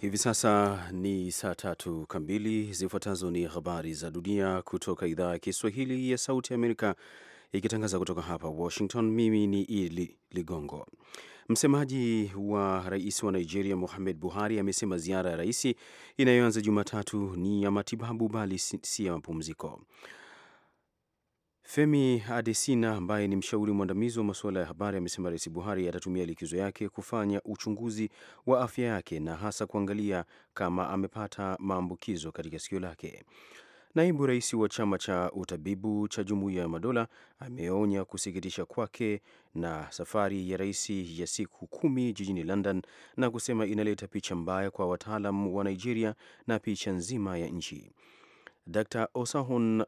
Hivi sasa ni saa tatu kamili. Zifuatazo ni habari za dunia kutoka idhaa ya Kiswahili ya Sauti Amerika, ikitangaza kutoka hapa Washington. Mimi ni Idi Ligongo. Msemaji wa rais wa Nigeria Muhamed Buhari amesema ziara ya rais inayoanza Jumatatu ni ya matibabu, bali si ya mapumziko. Femi Adesina ambaye ni mshauri mwandamizi wa masuala ya habari amesema Rais Buhari atatumia likizo yake kufanya uchunguzi wa afya yake na hasa kuangalia kama amepata maambukizo katika sikio lake. Naibu rais wa chama cha utabibu cha Jumuiya ya Madola ameonya kusikitisha kwake na safari ya rais ya siku kumi jijini London na kusema inaleta picha mbaya kwa wataalam wa Nigeria na picha nzima ya nchi. Dr Osahun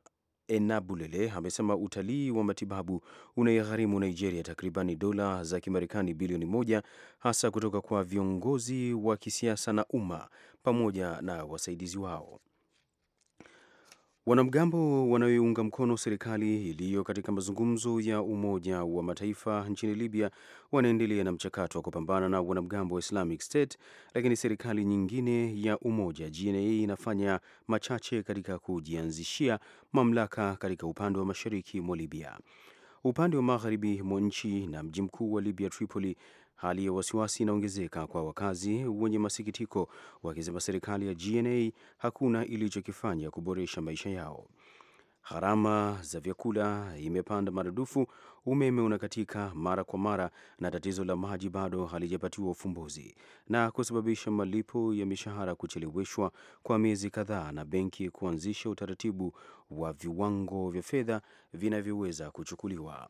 Enabulele amesema utalii wa matibabu unaigharimu Nigeria takribani dola za Kimarekani bilioni moja hasa kutoka kwa viongozi wa kisiasa na umma pamoja na wasaidizi wao. Wanamgambo wanayoiunga mkono serikali iliyo katika mazungumzo ya Umoja wa Mataifa nchini Libya wanaendelea na mchakato wa kupambana na wanamgambo wa Islamic State, lakini serikali nyingine ya umoja GNA inafanya machache katika kujianzishia mamlaka katika upande wa mashariki mwa Libya. Upande wa magharibi mwa nchi na mji mkuu wa Libya Tripoli Hali ya wasiwasi inaongezeka kwa wakazi wenye masikitiko, wakisema serikali ya GNA hakuna ilichokifanya kuboresha maisha yao. Gharama za vyakula imepanda maradufu, umeme unakatika mara kwa mara, na tatizo la maji bado halijapatiwa ufumbuzi na kusababisha malipo ya mishahara kucheleweshwa kwa miezi kadhaa, na benki kuanzisha utaratibu wa viwango vya fedha vinavyoweza kuchukuliwa.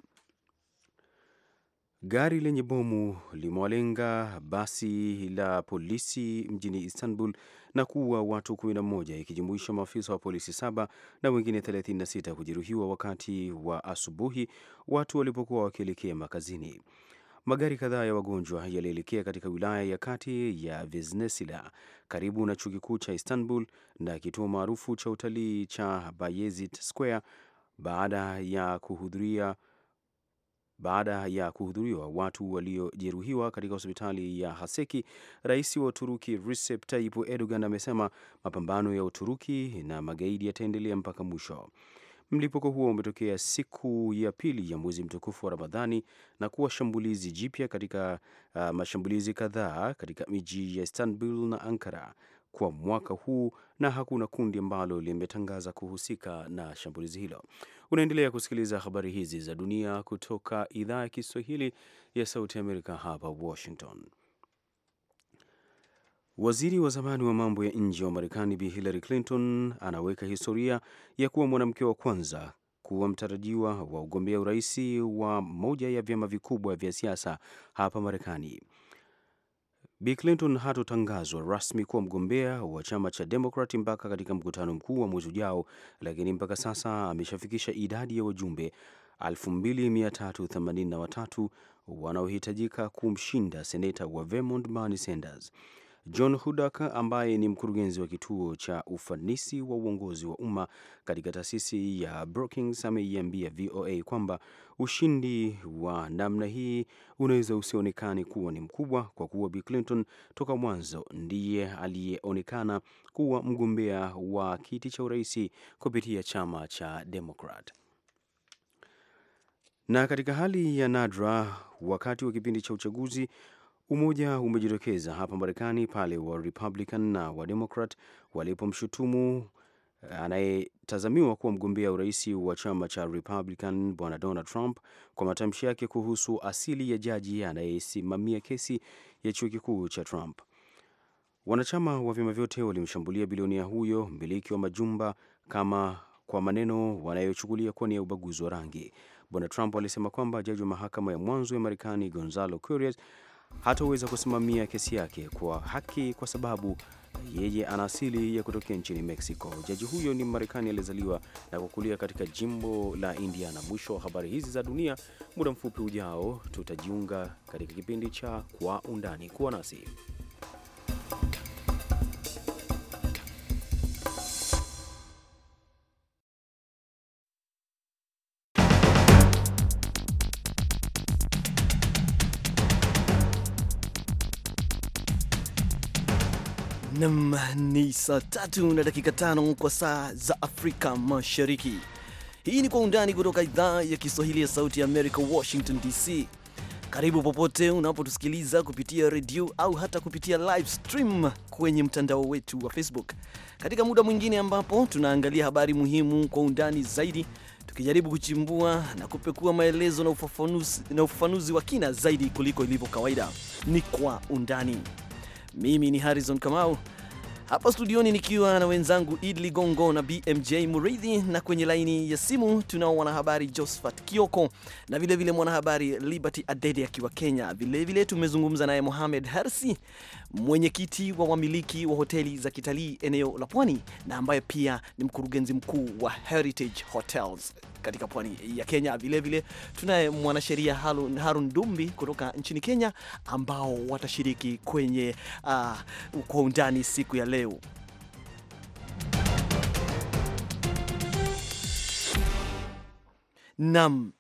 Gari lenye bomu limewalenga basi la polisi mjini Istanbul na kuua watu 11 ikijumuisha maafisa wa polisi saba na wengine 36 kujeruhiwa wakati wa asubuhi watu walipokuwa wakielekea makazini. Magari kadhaa ya wagonjwa yalielekea katika wilaya ya kati ya Vesnesila karibu na chuo kikuu cha Istanbul na kituo maarufu cha utalii cha Bayezid Square baada ya kuhudhuria baada ya kuhudhuriwa watu waliojeruhiwa katika hospitali ya Haseki. Rais wa Uturuki Recep Tayyip Erdogan amesema mapambano ya Uturuki na magaidi yataendelea mpaka mwisho. Mlipuko huo umetokea siku ya pili ya mwezi mtukufu wa Ramadhani na kuwa shambulizi jipya katika uh, mashambulizi kadhaa katika miji ya Istanbul na Ankara kwa mwaka huu na hakuna kundi ambalo limetangaza kuhusika na shambulizi hilo. Unaendelea kusikiliza habari hizi za dunia kutoka idhaa ya Kiswahili ya Sauti ya Amerika, hapa Washington. Waziri wa zamani wa mambo ya nje wa Marekani Bi Hillary Clinton anaweka historia ya kuwa mwanamke wa kwanza kuwa mtarajiwa wa ugombea urais wa moja ya vyama vikubwa vya siasa hapa Marekani. Bill Clinton hatotangazwa rasmi kuwa mgombea wa chama cha demokrati mpaka katika mkutano mkuu wa mwezi ujao, lakini mpaka sasa ameshafikisha idadi ya wajumbe 2383 wanaohitajika kumshinda seneta wa Vermont Bernie Sanders. John Hudak ambaye ni mkurugenzi wa kituo cha ufanisi wa uongozi wa umma katika taasisi ya Brookings ameiambia VOA kwamba ushindi wa namna hii unaweza usionekane kuwa ni mkubwa kwa kuwa bill Clinton toka mwanzo ndiye aliyeonekana kuwa mgombea wa kiti cha urais kupitia chama cha Democrat. Na katika hali ya nadra, wakati wa kipindi cha uchaguzi, Umoja umejitokeza hapa Marekani pale wa Republican na wa Democrat walipomshutumu eh, anayetazamiwa kuwa mgombea urais wa chama cha Republican bwana Donald Trump kwa matamshi yake kuhusu asili ya jaji anayesimamia kesi ya chuo kikuu cha Trump. Wanachama wa vyama vyote walimshambulia bilionia huyo mmiliki wa majumba kama kwa maneno wanayochukulia kuwa ni ya ubaguzi wa rangi. Bwana Trump alisema kwamba jaji wa mahakama ya mwanzo ya Marekani Gonzalo Curias hataweza kusimamia kesi yake kwa haki kwa sababu yeye ana asili ya kutokea nchini Mexico. Jaji huyo ni Marekani aliyezaliwa na kukulia katika jimbo la Indiana. Mwisho wa habari hizi za dunia. Muda mfupi ujao tutajiunga katika kipindi cha Kwa Undani. Kuwa nasi. ni saa tatu na dakika tano kwa saa za Afrika Mashariki. Hii ni Kwa Undani kutoka idhaa ya Kiswahili ya Sauti ya Amerika, Washington DC. Karibu popote unapotusikiliza kupitia redio au hata kupitia live stream kwenye mtandao wetu wa Facebook, katika muda mwingine ambapo tunaangalia habari muhimu kwa undani zaidi, tukijaribu kuchimbua na kupekua maelezo na ufafanuzi, na ufafanuzi wa kina zaidi kuliko ilivyo kawaida. Ni Kwa Undani. Mimi ni Harrison Kamau hapa studioni nikiwa na wenzangu idli Ligongo na BMJ Muridhi, na kwenye laini ya simu tunao mwanahabari Josephat Kioko na vilevile mwanahabari Liberty Adede akiwa Kenya. Vilevile tumezungumza naye Mohamed Hersi mwenyekiti wa wamiliki wa hoteli za kitalii eneo la pwani na ambaye pia ni mkurugenzi mkuu wa Heritage Hotels katika pwani ya Kenya. Vilevile tunaye mwanasheria Harun Dumbi kutoka nchini Kenya ambao watashiriki kwenye uh, kwa undani siku ya leo. Naam,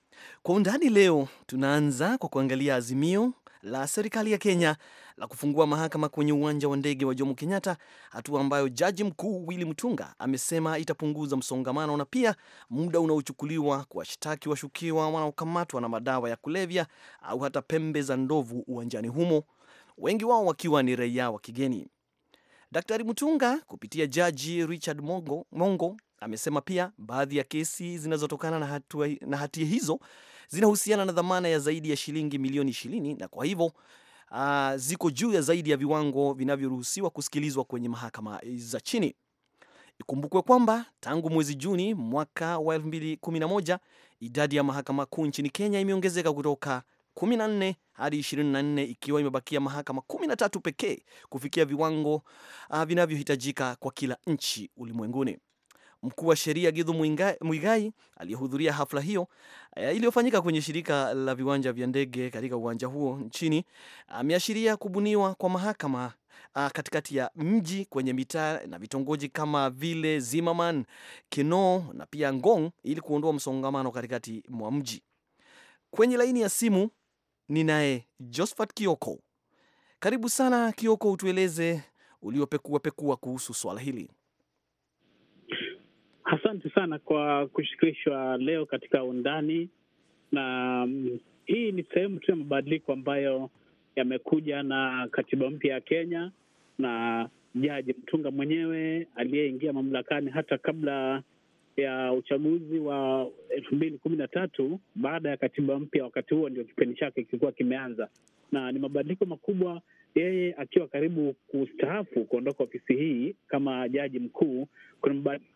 kwa undani leo tunaanza kwa kuangalia azimio la serikali ya Kenya la kufungua mahakama kwenye uwanja wa ndege wa Jomo Kenyatta, hatua ambayo jaji mkuu Willy Mutunga amesema itapunguza msongamano na pia muda unaochukuliwa kuwashtaki washukiwa wanaokamatwa na madawa ya kulevya au hata pembe za ndovu uwanjani humo, wengi wao wakiwa ni raia wa kigeni. Daktari Mutunga kupitia jaji Richard Mongo, Mongo amesema pia baadhi ya kesi zinazotokana na hatia hizo zinahusiana na dhamana ya zaidi ya shilingi milioni ishirini na kwa hivyo uh, ziko juu ya zaidi ya viwango vinavyoruhusiwa kusikilizwa kwenye mahakama za chini. Ikumbukwe kwamba tangu mwezi Juni mwaka wa 2011 idadi ya mahakama kuu nchini Kenya imeongezeka kutoka 14 hadi 24 ikiwa imebakia mahakama 13 pekee kufikia viwango uh, vinavyohitajika kwa kila nchi ulimwenguni. Mkuu wa sheria Gidhu Mwigai aliyehudhuria hafla hiyo eh, iliyofanyika kwenye shirika la viwanja vya ndege katika uwanja huo nchini ameashiria kubuniwa kwa mahakama a, ah, katikati ya mji kwenye mitaa na vitongoji kama vile Zimmerman, Kinoo na pia Ngong ili kuondoa msongamano katikati mwa mji. Kwenye laini ya simu ninaye Josphat Kioko. Karibu sana Kioko, utueleze uliopekuapekua kuhusu swala hili asante sana kwa kushirikishwa leo katika undani, na mm, hii ni sehemu tu ya mabadiliko ambayo yamekuja na katiba mpya ya Kenya na Jaji Mtunga mwenyewe aliyeingia mamlakani hata kabla ya uchaguzi wa elfu mbili kumi na tatu baada ya katiba mpya. Wakati huo ndio kipindi chake kilikuwa kimeanza, na ni mabadiliko makubwa, yeye akiwa karibu kustaafu, kuondoka ofisi hii kama jaji mkuu. Kuna mabadiliko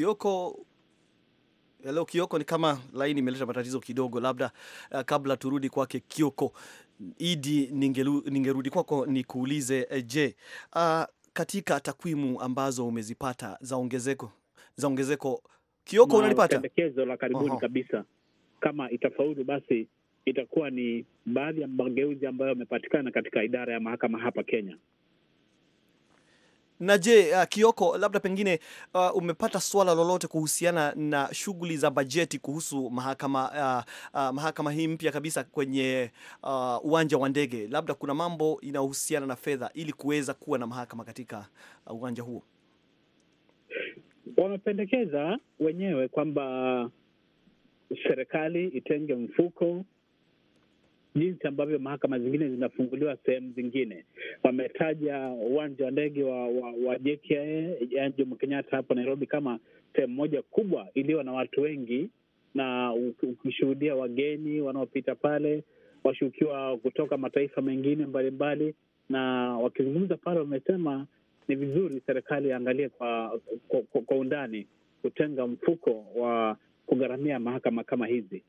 Kioko. Hello Kioko, ni kama laini imeleta matatizo kidogo, labda uh, kabla turudi kwake Kioko Idi, ningerudi kwako nikuulize, eh, je, uh, katika takwimu ambazo umezipata za ongezeko za ongezeko Kioko, unalipata pendekezo la karibuni -huh. kabisa kama itafaulu basi itakuwa ni baadhi ya mageuzi ambayo yamepatikana katika idara ya mahakama hapa Kenya. Na je, uh, Kioko, labda pengine uh, umepata swala lolote kuhusiana na shughuli za bajeti kuhusu mahakama uh, uh, mahakama hii mpya kabisa kwenye uh, uwanja wa ndege, labda kuna mambo inayohusiana na fedha ili kuweza kuwa na mahakama katika uh, uwanja huo? Wamependekeza wenyewe kwamba serikali itenge mfuko jinsi ambavyo mahakama zingine zinafunguliwa sehemu zingine. Wametaja uwanja wa ndege wa, wa, wa JKIA Jomo Kenyatta hapo Nairobi kama sehemu moja kubwa iliyo na watu wengi, na ukishuhudia wageni wanaopita pale, washukiwa kutoka mataifa mengine mbalimbali mbali, na wakizungumza pale wamesema ni vizuri serikali iangalie kwa, kwa, kwa, kwa undani kutenga mfuko wa kugharamia mahakama kama hizi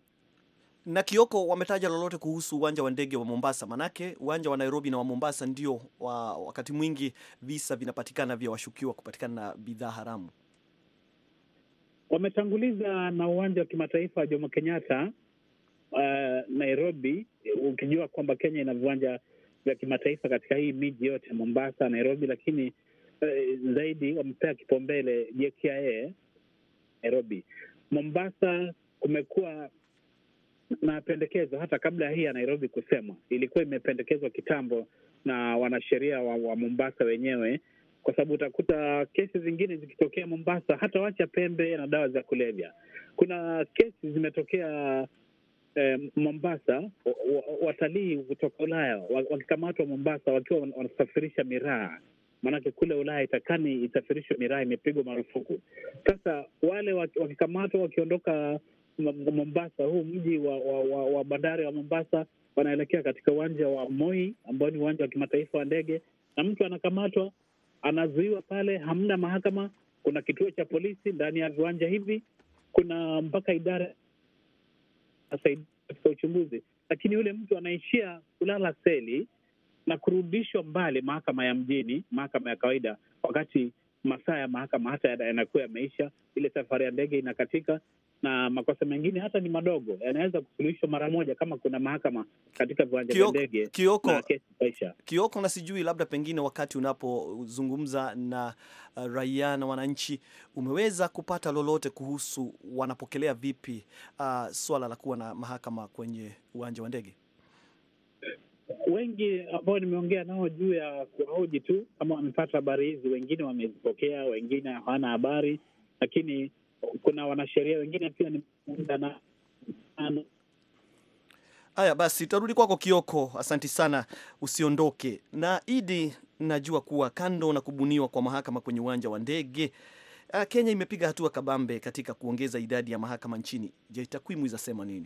na Kioko, wametaja lolote kuhusu uwanja wa ndege wa Mombasa? Manake uwanja wa Nairobi na wa Mombasa ndio wa, wakati mwingi visa vinapatikana vya washukiwa kupatikana na bidhaa haramu. Wametanguliza na uwanja wa kimataifa wa Jomo Kenyatta uh, Nairobi, ukijua kwamba Kenya ina viwanja vya kimataifa katika hii miji yote Mombasa, Nairobi, lakini uh, zaidi wamepea kipaumbele JKIA Nairobi. Mombasa kumekuwa mapendekezo hata kabla hii ya Nairobi kusemwa, ilikuwa imependekezwa kitambo na wanasheria wa, wa Mombasa wenyewe, kwa sababu utakuta kesi zingine zikitokea Mombasa, hata wacha pembe na dawa za kulevya. Kuna kesi zimetokea eh, Mombasa, watalii kutoka Ulaya wakikamatwa Mombasa wakiwa wanasafirisha miraa maanake kule Ulaya itakani isafirishwe miraa imepigwa marufuku. Sasa wale wakikamatwa wakiondoka Mombasa, huu mji wa, wa, wa, wa bandari wa Mombasa, wanaelekea katika uwanja wa Moi ambao ni uwanja wa kimataifa wa ndege, na mtu anakamatwa anazuiwa pale, hamna mahakama. Kuna kituo cha polisi ndani ya viwanja hivi, kuna mpaka idara katika uchunguzi, lakini yule mtu anaishia kulala seli na kurudishwa mbali mahakama ya mjini, mahakama ya kawaida, wakati masaa ya mahakama hata yanakuwa yameisha, ile safari ya ndege inakatika na makosa mengine hata ni madogo yanaweza kusuluhishwa mara moja kama kuna mahakama katika viwanja vya ndege Kioko, na Kioko, na sijui labda pengine wakati unapozungumza na uh, raia na wananchi umeweza kupata lolote kuhusu wanapokelea vipi uh, swala la kuwa na mahakama kwenye uwanja wa ndege? Wengi ambao nimeongea nao juu ya kuhoji tu kama wamepata habari hizi, wengine wamezipokea, wengine hawana habari, lakini kuna wanasheria wengine pia ni ano. Haya basi, tarudi kwako Kioko, asanti sana, usiondoke. Na Idi, najua kuwa kando na kubuniwa kwa mahakama kwenye uwanja wa ndege ah, Kenya imepiga hatua kabambe katika kuongeza idadi ya mahakama nchini. Je, takwimu izasema nini?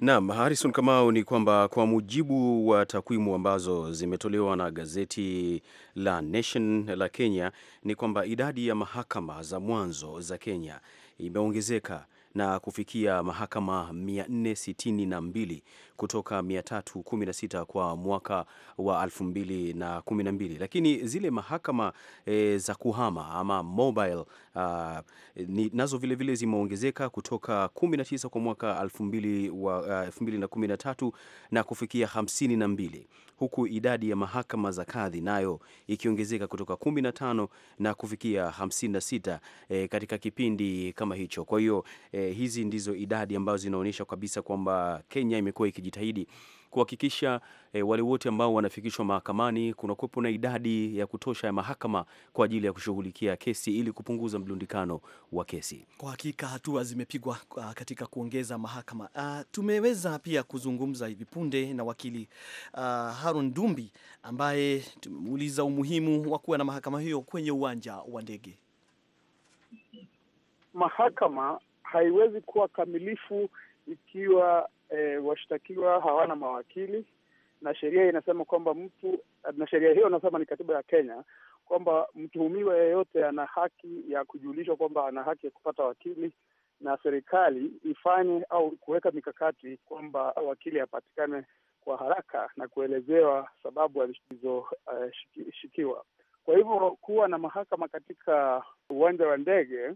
Naam, Harrison Kamau, ni kwamba kwa mujibu wa takwimu ambazo zimetolewa na gazeti la Nation la Kenya ni kwamba idadi ya mahakama za mwanzo za Kenya imeongezeka na kufikia mahakama 462 kutoka 316 kwa mwaka wa 2012, lakini zile mahakama e, za kuhama ama mobile a, ni, nazo vilevile zimeongezeka kutoka 19 kwa mwaka 2000 wa, a, 2013 na kufikia 52 huku idadi ya mahakama za kadhi nayo ikiongezeka kutoka 15 na kufikia 56 e, katika kipindi kama hicho. Kwa hiyo e, Eh, hizi ndizo idadi ambazo zinaonyesha kabisa kwamba Kenya imekuwa ikijitahidi kuhakikisha e, wale wote ambao wanafikishwa mahakamani kuna kuwepo na idadi ya kutosha ya mahakama kwa ajili ya kushughulikia kesi ili kupunguza mlundikano wa kesi. Kwa hakika hatua zimepigwa katika kuongeza mahakama. Uh, tumeweza pia kuzungumza hivi punde na wakili uh, Harun Dumbi ambaye tumemuuliza umuhimu wa kuwa na mahakama hiyo kwenye uwanja wa ndege. Mahakama haiwezi kuwa kamilifu ikiwa e, washtakiwa hawana mawakili, na sheria inasema kwamba mtu na sheria hiyo inasema ni katiba ya Kenya kwamba mtuhumiwa yeyote ana haki ya kujulishwa kwamba ana haki ya kupata wakili, na serikali ifanye au kuweka mikakati kwamba wakili apatikane kwa haraka na kuelezewa sababu alizoshikiwa. Eh, uh, kwa hivyo kuwa na mahakama katika uwanja wa ndege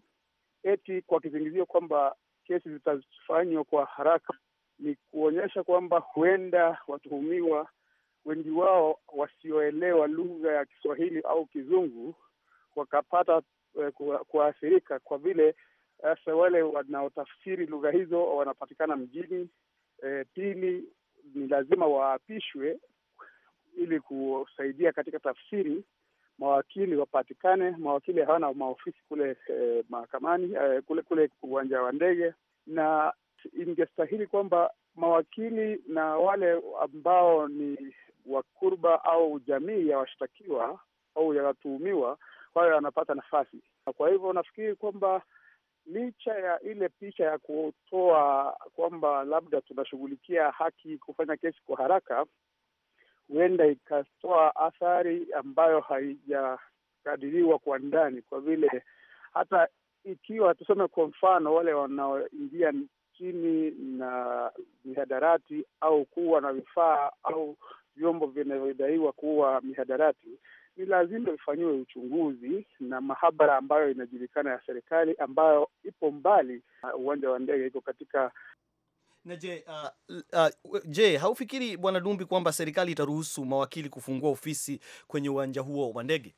eti kwa kizingizio kwamba kesi zitafanywa kwa haraka, ni kuonyesha kwamba huenda watuhumiwa wengi wao wasioelewa lugha ya Kiswahili au Kizungu wakapata eh, kuathirika kwa vile eh, sasa wale wanaotafsiri lugha hizo wanapatikana mjini. E, pili ni lazima waapishwe ili kusaidia katika tafsiri mawakili wapatikane. Mawakili hawana maofisi kule eh, mahakamani eh, kule kule uwanja wa ndege, na ingestahili kwamba mawakili na wale ambao ni wakurba au jamii ya washtakiwa au ya watuhumiwa wawe wanapata nafasi. Kwa hivyo nafikiri kwamba licha ya ile picha ya kutoa kwamba labda tunashughulikia haki kufanya kesi kwa haraka, huenda ikatoa athari ambayo haijakadiriwa kwa ndani, kwa vile hata ikiwa tuseme, kwa mfano, wale wanaoingia chini na mihadarati au kuwa na vifaa au vyombo vinavyodaiwa kuwa mihadarati, ni lazima ifanyiwe uchunguzi na mahabara ambayo inajulikana ya serikali ambayo ipo mbali na uh, uwanja wa ndege, iko katika na je, uh, uh, je, haufikiri Bwana Dumbi kwamba serikali itaruhusu mawakili kufungua ofisi kwenye uwanja huo wa ndege?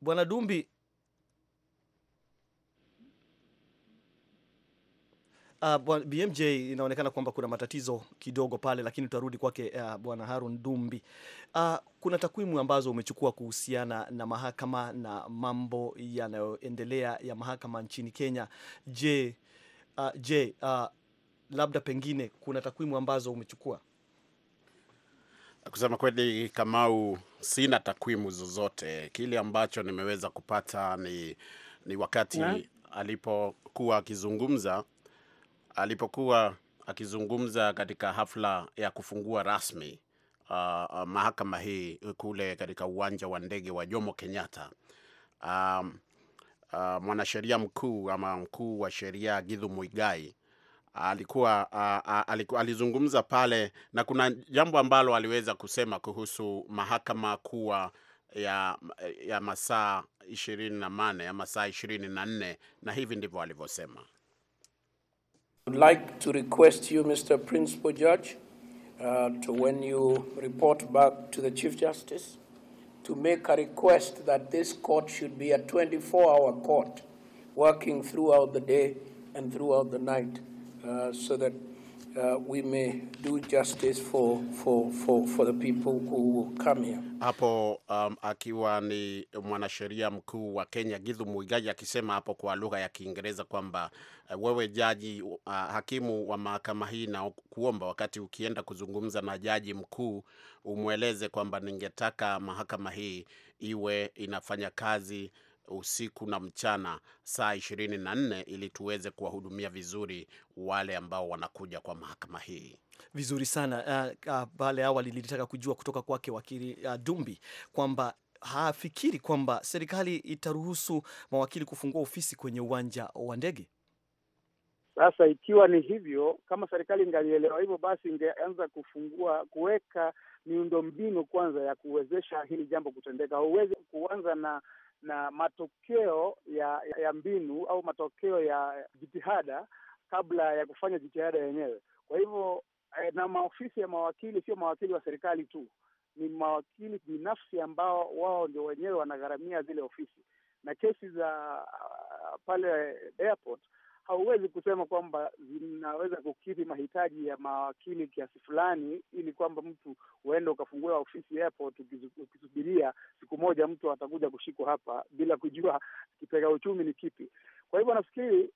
Bwana Dumbi Uh, bwana BMJ, inaonekana kwamba kuna matatizo kidogo pale, lakini tutarudi kwake uh, bwana Harun Dumbi. Uh, kuna takwimu ambazo umechukua kuhusiana na mahakama na mambo yanayoendelea ya mahakama nchini Kenya. Je, uh, je uh, labda pengine kuna takwimu ambazo umechukua? Kusema kweli, Kamau, sina takwimu zozote. Kile ambacho nimeweza kupata ni, ni wakati yeah, alipokuwa akizungumza alipokuwa akizungumza katika hafla ya kufungua rasmi uh, uh, mahakama hii kule katika uwanja wa ndege wa Jomo Kenyatta um, uh, mwanasheria mkuu ama mkuu wa sheria Githu Muigai alikuwa uh, uh aliku, alizungumza pale, na kuna jambo ambalo aliweza kusema kuhusu mahakama kuwa ya, ya masaa ishirini na nane ya masaa ishirini na nne na hivi ndivyo alivyosema. would like to request you, Mr. Principal Judge, uh, to when you report back to the Chief Justice, to make a request that this court should be a 24-hour court, working throughout the day and throughout the night, uh, so that Uh, we may do justice for, for, for, for the people who come here. Hapo um, akiwa ni mwanasheria mkuu wa Kenya Githu Muigai akisema hapo kwa lugha ya Kiingereza kwamba uh, wewe jaji uh, hakimu wa mahakama hii na kuomba wakati ukienda kuzungumza na jaji mkuu umweleze kwamba ningetaka mahakama hii iwe inafanya kazi usiku na mchana saa 24 ili tuweze kuwahudumia vizuri wale ambao wanakuja kwa mahakama hii. Vizuri sana. Ah, ah, pale uh, uh, awali nilitaka kujua kutoka kwake wakili uh, Dumbi kwamba hafikiri kwamba serikali itaruhusu mawakili kufungua ofisi kwenye uwanja wa ndege. Sasa ikiwa ni hivyo, kama serikali ingalielewa hivyo, basi ingeanza kufungua kuweka miundombinu kwanza ya kuwezesha hili jambo kutendeka. Huwezi kuanza na na matokeo ya, ya mbinu au matokeo ya jitihada kabla ya kufanya jitihada yenyewe. Kwa hivyo eh, na maofisi ya mawakili sio mawakili wa serikali tu, ni mawakili binafsi ambao wao ndio wenyewe wanagharamia zile ofisi na kesi za uh, pale airport hauwezi kusema kwamba zinaweza kukidhi mahitaji ya mawakili kiasi fulani, ili kwamba mtu huenda ukafungua ofisi airport ukisubiria siku moja mtu atakuja kushikwa hapa bila kujua kitega uchumi ni kipi. Kwa hivyo nafikiri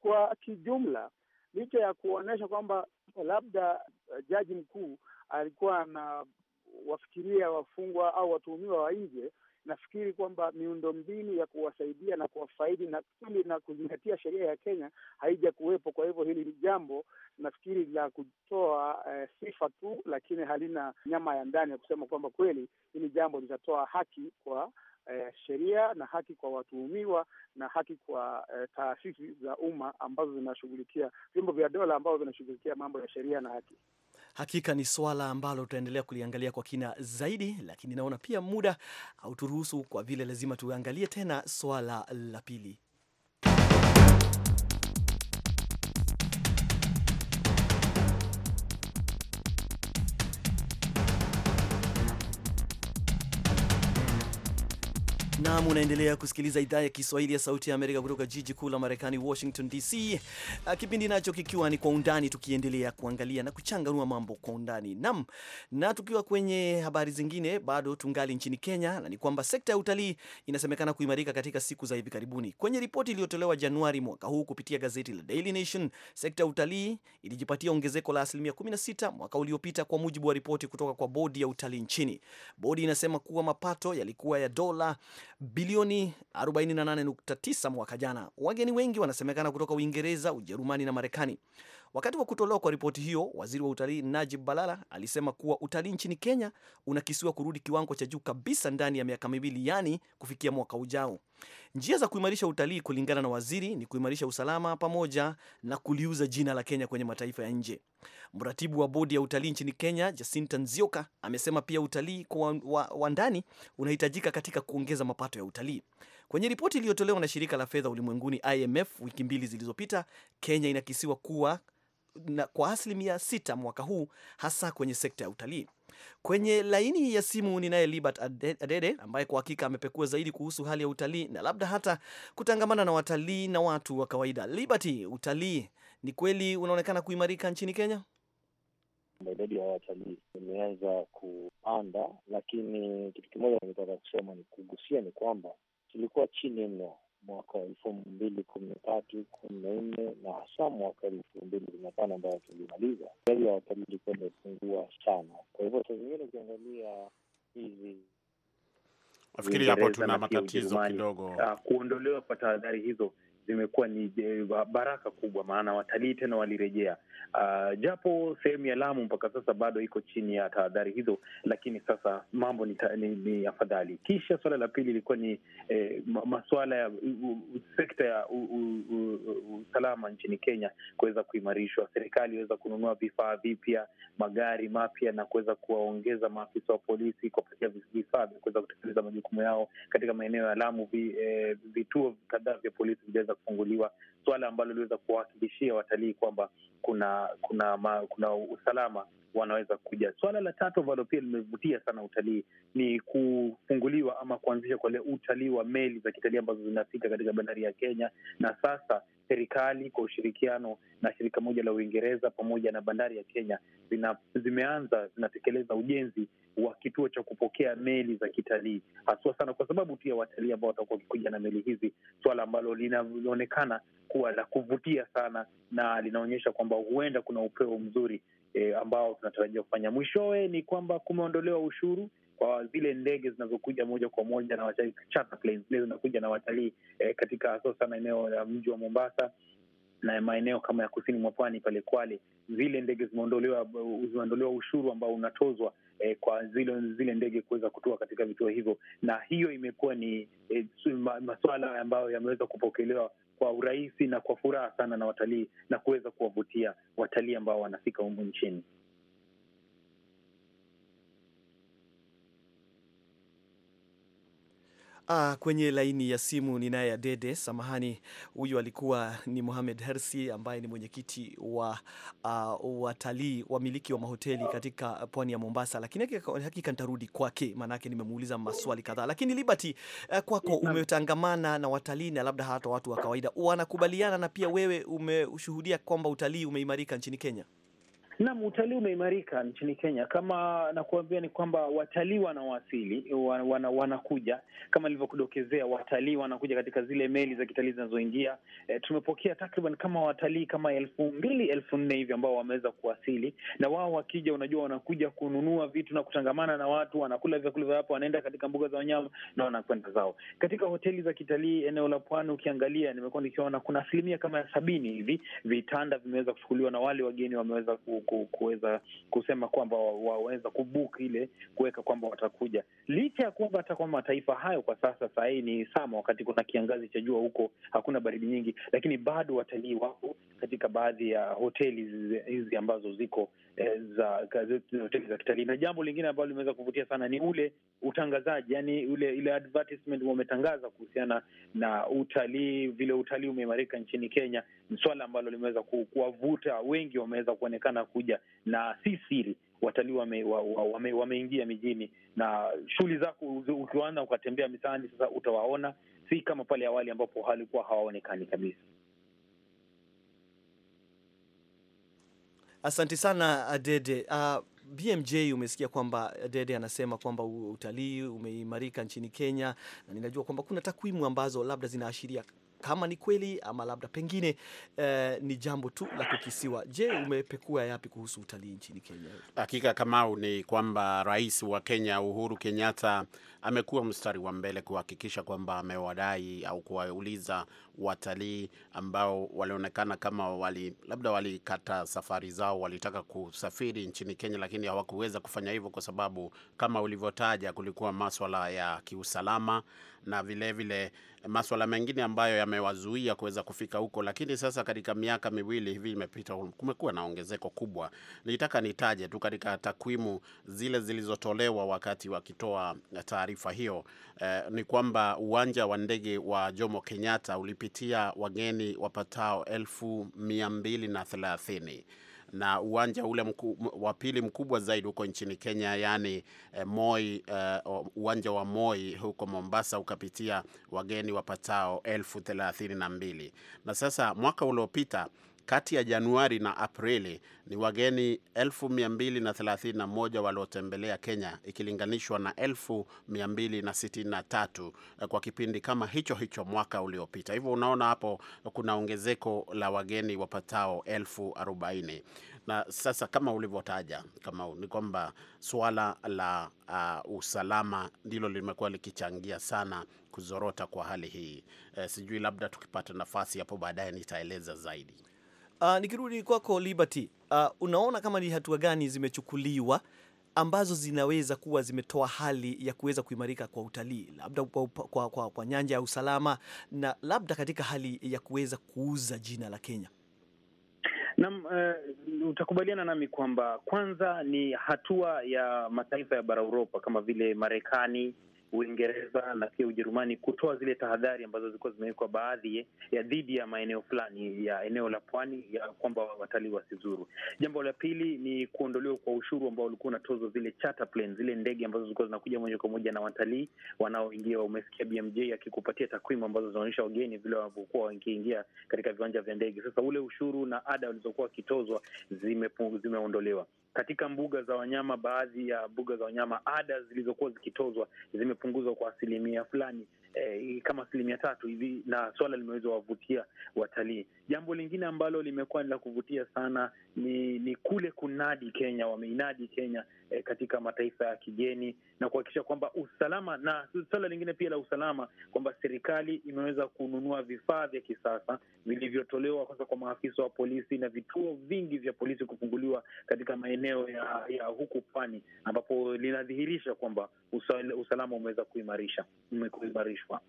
kwa kijumla, licha ya kuonyesha kwamba labda eh, jaji mkuu alikuwa anawafikiria wafungwa au watuhumiwa wa nje nafikiri kwamba miundo mbinu ya kuwasaidia na kuwafaidi na ili na kuzingatia sheria ya Kenya haija kuwepo Kwa hivyo hili ni jambo nafikiri la kutoa eh, sifa tu, lakini halina nyama ya ndani ya kusema kwamba kweli hili jambo litatoa haki kwa eh, sheria na haki kwa watuhumiwa na haki kwa eh, taasisi za umma ambazo zinashughulikia vyombo vya dola ambavyo vinashughulikia mambo ya sheria na haki. Hakika ni swala ambalo tutaendelea kuliangalia kwa kina zaidi, lakini naona pia muda hauturuhusu, kwa vile lazima tuangalie tena swala la pili. Naam, unaendelea kusikiliza idhaa ya Kiswahili ya Sauti ya Amerika kutoka jiji kuu la Marekani, Washington DC, ah, kipindi nacho kikiwa ni Kwa Undani, tukiendelea kuangalia na kuchanganua mambo kwa undani. Naam, na tukiwa kwenye habari zingine, bado tungali nchini Kenya, na ni kwamba sekta ya utalii inasemekana kuimarika katika siku za hivi karibuni. Kwenye ripoti iliyotolewa Januari mwaka huu kupitia gazeti la Daily Nation, sekta ya utalii ilijipatia ongezeko la asilimia 16 mwaka uliopita, kwa mujibu wa ripoti kutoka kwa bodi ya utalii nchini. Bodi inasema kuwa mapato yalikuwa ya dola bilioni 48.9 mwaka jana. Wageni wengi wanasemekana kutoka Uingereza, Ujerumani na Marekani. Wakati wa kutolewa kwa ripoti hiyo, waziri wa utalii Najib Balala alisema kuwa utalii nchini Kenya unakisiwa kurudi kiwango cha juu kabisa ndani ya miaka miwili, yaani kufikia mwaka ujao. Njia za kuimarisha utalii kulingana na waziri ni kuimarisha usalama pamoja na kuliuza jina la Kenya kwenye mataifa ya nje. Mratibu wa bodi ya utalii nchini Kenya, Jacinta Nzioka, amesema pia utalii wa ndani unahitajika katika kuongeza mapato ya utalii. Kwenye ripoti iliyotolewa na shirika la fedha ulimwenguni IMF wiki mbili zilizopita, Kenya inakisiwa kuwa na kwa asilimia sita mwaka huu hasa kwenye sekta ya utalii. Kwenye laini ya simu ninaye Libert Adede ambaye kwa hakika amepekua zaidi kuhusu hali ya utalii na labda hata kutangamana na watalii na watu wa kawaida. Liberty, utalii ni kweli unaonekana kuimarika nchini Kenya? Idadi ya watalii imeanza kupanda, lakini kitu kimoja nitaka kusema ni kugusia, ni kwamba tulikuwa chini mno mwaka wa elfu mbili kumi na tatu kumi na nne na hasa mwaka elfu mbili kumi na tano ambayo tulimaliza, idadi ya watalii ilikuwa imepungua sana. Kwa hivyo saa zingine ukiangalia hizi nafikiri hapo tuna matatizo kidogo, ah, kuondolewa kwa tahadhari hizo zimekuwa ni eh, baraka kubwa, maana watalii tena walirejea. Uh, japo sehemu ya Lamu mpaka sasa bado iko chini ya tahadhari hizo, lakini sasa mambo ni, ni, ni afadhali. Kisha suala la pili ilikuwa ni eh, masuala ya sekta ya usalama nchini Kenya kuweza kuimarishwa, serikali iweza kununua vifaa vipya, magari mapya na kuweza kuwaongeza maafisa wa polisi, kuwapatia vifaa vya kuweza kutekeleza majukumu yao katika maeneo ya Lamu. Vi, eh, vituo kadhaa vya polisi viliweza kufunguliwa, suala ambalo liliweza kuwawakilishia watalii kwamba kuna kuna ma, kuna usalama wanaweza kuja. Suala la tatu ambalo pia limevutia sana utalii ni kufunguliwa ama kuanzisha kwa utalii wa meli za kitalii ambazo zinafika katika bandari ya Kenya, na sasa serikali kwa ushirikiano na shirika moja la Uingereza pamoja na bandari ya Kenya zina, zimeanza zinatekeleza ujenzi wa kituo cha kupokea meli za kitalii, haswa sana kwa sababu pia watalii ambao watakuwa wakikuja na meli hizi, suala ambalo linaonekana kuwa la kuvutia sana na linaonyesha kwamba huenda kuna upeo mzuri e, ambao tunatarajia kufanya. Mwishowe ni kwamba kumeondolewa ushuru kwa zile ndege zinazokuja moja kwa moja na watalii, charter planes zile zinakuja na watalii e, katika haswa sana eneo la mji wa Mombasa na maeneo kama ya kusini mwa pwani pale Kwale, zile ndege zimeondolewa ushuru ambao unatozwa eh, kwa zile zile ndege kuweza kutua katika vituo hivyo, na hiyo imekuwa ni eh, masuala ambayo yameweza kupokelewa kwa urahisi na kwa furaha sana na watalii na kuweza kuwavutia watalii ambao wanafika humu nchini. Ah, kwenye laini ya simu ninaye Dede, samahani, huyu alikuwa ni Mohamed Hersi ambaye ni mwenyekiti wa uh, watalii wamiliki wa mahoteli katika pwani ya Mombasa, lakini hakika nitarudi kwake, maanake nimemuuliza maswali kadhaa. Lakini Liberty, uh, kwako umetangamana na watalii na labda hata watu wa kawaida wanakubaliana, na pia wewe umeshuhudia kwamba utalii umeimarika nchini Kenya? Nam, utalii umeimarika nchini Kenya. Kama nakuambia ni kwamba watalii wanawasili, wana, wanakuja kama nilivyokudokezea, watalii wanakuja katika zile meli za kitalii zinazoingia. E, tumepokea takriban kama watalii kama elfu mbili elfu nne hivi ambao wameweza kuwasili, na wao wakija, unajua wanakuja kununua vitu na kutangamana na watu, wanakula vyakula vya hapo, wanaenda katika mbuga za wanyama na wanakwenda zao. Katika hoteli za kitalii eneo la pwani, ukiangalia, nimekuwa nikiona kuna asilimia kama ya sabini hivi vitanda vimeweza kuchukuliwa na wale wageni wameweza ku kuweza kusema kwamba waweza kubuk ile kuweka kwamba watakuja, licha ya kwamba hata kwamba mataifa hayo kwa sasa saa hii ni sama, wakati kuna kiangazi cha jua huko, hakuna baridi nyingi, lakini bado watalii wako katika baadhi ya hoteli hizi ambazo ziko za gazeti zote za kitalii. Na jambo lingine ambalo limeweza kuvutia sana ni ule utangazaji, yani ule ile advertisement wametangaza kuhusiana na utalii, vile utalii umeimarika nchini Kenya. Ni swala ambalo limeweza kuwavuta wengi, wameweza kuonekana kuja, na si siri watalii wameingia wame, wame mijini na shughuli zako ukianza ukatembea mitaani sasa, utawaona si kama pale awali ambapo halikuwa hawaonekani kabisa. Asante sana uh, Dede. Uh, BMJ umesikia kwamba uh, Dede anasema kwamba utalii umeimarika nchini Kenya, na ninajua kwamba kuna takwimu ambazo labda zinaashiria kama ni kweli ama labda pengine uh, ni jambo tu la kukisiwa. Je, umepekua yapi kuhusu utalii nchini Kenya? Hakika Kamau, ni kwamba rais wa Kenya Uhuru Kenyatta amekuwa mstari wa mbele kuhakikisha kwamba amewadai au kuwauliza watalii ambao walionekana kama wali labda walikata safari zao, walitaka kusafiri nchini Kenya, lakini hawakuweza kufanya hivyo kwa sababu kama ulivyotaja, kulikuwa maswala ya kiusalama na vilevile maswala mengine ambayo yamewazuia kuweza kufika huko. Lakini sasa katika miaka miwili hivi imepita, kumekuwa na ongezeko kubwa. Nilitaka nitaje tu katika takwimu zile zilizotolewa wakati wakitoa taarifa taarifa hiyo eh, ni kwamba uwanja wa ndege wa Jomo Kenyatta ulipitia wageni wapatao elfu mia mbili na thelathini na uwanja ule wa pili mkubwa zaidi huko nchini Kenya, yaani eh, Moi eh, uwanja wa Moi huko Mombasa ukapitia wageni wapatao elfu thelathini na mbili. Na sasa mwaka uliopita kati ya Januari na Aprili ni wageni 1231 waliotembelea Kenya ikilinganishwa na 1263 eh, kwa kipindi kama hicho hicho mwaka uliopita. Hivyo unaona hapo kuna ongezeko la wageni wapatao 1040 na sasa kama ulivyotaja kama ni kwamba suala la uh, usalama ndilo limekuwa likichangia sana kuzorota kwa hali hii. Eh, sijui labda tukipata nafasi hapo baadaye nitaeleza zaidi. Uh, nikirudi kwako Liberty, uh, unaona kama ni hatua gani zimechukuliwa ambazo zinaweza kuwa zimetoa hali ya kuweza kuimarika kwa utalii labda kwa, kwa, kwa, kwa nyanja ya usalama na labda katika hali ya kuweza kuuza jina la Kenya? Naam, uh, utakubaliana nami kwamba kwanza ni hatua ya mataifa ya bara Uropa kama vile Marekani Uingereza na pia Ujerumani kutoa zile tahadhari ambazo zilikuwa zimewekwa baadhi ya dhidi ya maeneo fulani ya eneo la pwani ya kwamba watalii wasizuru. Jambo la pili ni kuondolewa kwa ushuru ambao ulikuwa unatozwa zile charter plane, zile ndege ambazo zilikuwa zinakuja moja kwa moja na watalii wanaoingia. Umesikia BMJ akikupatia takwimu ambazo zinaonyesha wageni vile wanavyokuwa wakiingia katika viwanja vya ndege. Sasa ule ushuru na ada walizokuwa wakitozwa zimeondolewa. Katika mbuga za wanyama, baadhi ya mbuga za wanyama ada zilizokuwa zikitozwa zimepunguzwa kwa asilimia fulani eh, kama asilimia tatu hivi, na swala limeweza wavutia watalii. Jambo lingine ambalo limekuwa ni la kuvutia sana ni, ni kule kunadi Kenya, wameinadi Kenya eh, katika mataifa ya kigeni na kuhakikisha kwamba usalama, na swala lingine pia la usalama kwamba serikali imeweza kununua vifaa vya kisasa vilivyotolewa kwanza kwa maafisa wa polisi na vituo vingi vya polisi kufunguliwa katika maeneo ya, ya huku pwani ambapo linadhihirisha kwamba usalama umeweza kuimarisha umekuimarisha kuboreshwa.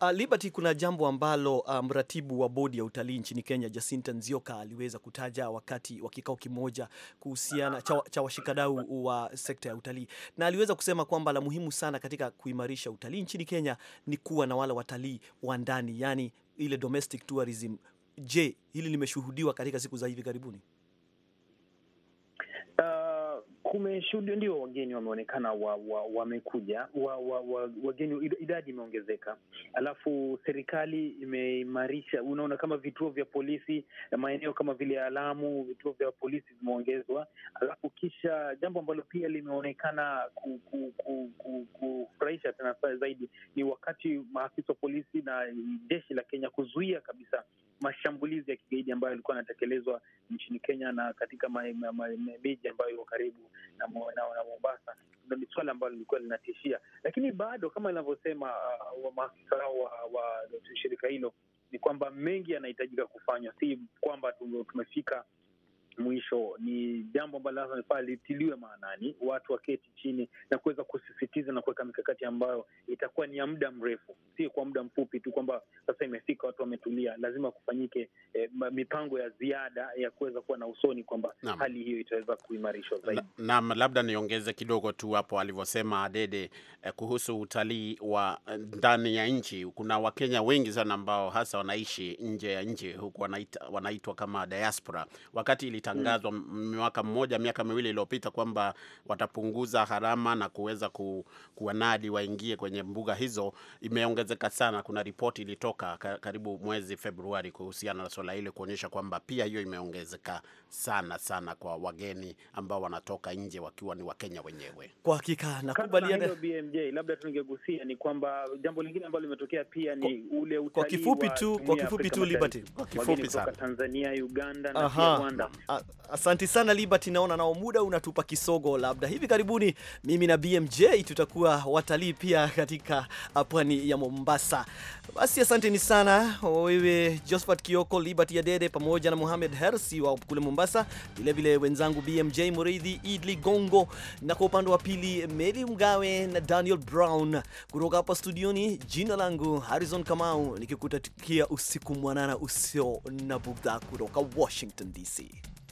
Uh, ah, Liberty, kuna jambo ambalo ah, mratibu wa bodi ya utalii nchini Kenya Jacinta Nzioka aliweza kutaja wakati wa kikao kimoja kuhusiana cha, cha washikadau wa sekta ya utalii, na aliweza kusema kwamba la muhimu sana katika kuimarisha utalii nchini Kenya ni kuwa na wale watalii wa ndani, yani ile domestic tourism. Je, hili limeshuhudiwa katika siku za hivi karibuni? kumeshuhudia ndio wageni wameonekana wamekuja wa, wa, wa, wa, wa, wageni idadi imeongezeka, alafu serikali imeimarisha. Unaona kama vituo vya polisi maeneo kama vile Alamu, vituo vya polisi vimeongezwa, alafu kisha jambo ambalo pia limeonekana kufurahisha tena zaidi ni wakati maafisa wa polisi na jeshi la Kenya kuzuia kabisa mashambulizi ya kigaidi ambayo yalikuwa yanatekelezwa nchini Kenya na katika miji ambayo iko karibu na Mombasa. Ndo ni suala ambalo lilikuwa linatishia, lakini bado kama inavyosema uh, maafisa wa, wa shirika hilo ni kwamba mengi yanahitajika kufanywa, si kwamba tumefika mwisho ni jambo ambalo lazima lifaa litiliwe maanani, watu waketi chini na kuweza kusisitiza na kuweka mikakati ambayo itakuwa ni ya muda mrefu, si kwa muda mfupi tu kwamba sasa imefika watu wametulia. Lazima kufanyike eh, mipango ya ziada ya kuweza kuwa na usoni kwamba hali hiyo itaweza kuimarishwa zaidi. Naam, labda niongeze kidogo tu hapo alivyosema Adede eh, kuhusu utalii wa eh, ndani ya nchi. Kuna Wakenya wengi sana ambao hasa wanaishi nje ya nchi, huku wanaitwa kama diaspora wakati ili ilitangazwa mwaka mmoja miaka miwili iliyopita kwamba watapunguza gharama na kuweza ku, kuwanadi waingie kwenye mbuga hizo, imeongezeka sana. Kuna ripoti ilitoka karibu mwezi Februari kuhusiana na swala hili kuonyesha kwamba pia hiyo imeongezeka sana sana kwa wageni ambao wanatoka nje wakiwa ni Wakenya wenyewe. Kwa hakika nakubaliana BMJ. Labda tungegusia ni kwamba jambo lingine ambalo limetokea pia ni ule utalii kwa kifupi tu, kwa kifupi tu Liberty, kwa kifupi sana, Tanzania, Uganda na Rwanda Asanti sana Liberty, naona nao muda unatupa kisogo. Labda hivi karibuni mimi na BMJ tutakuwa watalii pia katika pwani ya Mombasa. Basi asanteni sana wewe Josephat Kioko, Liberty Adede pamoja na Mohamed Hersi wa kule Mombasa, vilevile wenzangu BMJ Muridhi, Idli Gongo na kwa upande wa pili Meli Mgawe na Daniel Brown kutoka hapa studioni. Jina langu Harrison Kamau nikikutakia usiku mwanana usio na bugdha kutoka Washington DC.